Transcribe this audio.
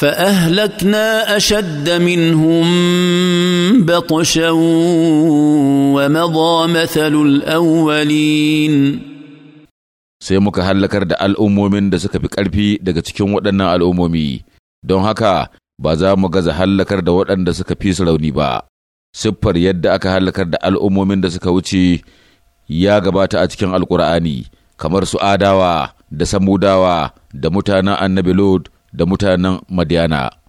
فاهلكنا اشد منهم بطشا ومضى مثل الاولين sai muka hallakar da al'ummomin da suka fi ƙarfi daga cikin waɗannan al'ummomi, don haka ba za mu gaza hallakar da waɗanda suka fi su rauni ba, siffar yadda aka hallakar da al'ummomin da suka wuce ya gabata a cikin Alƙur'ani, kamar su Adawa da Samudawa da mutanen Annabi Lod da mutanen madiana.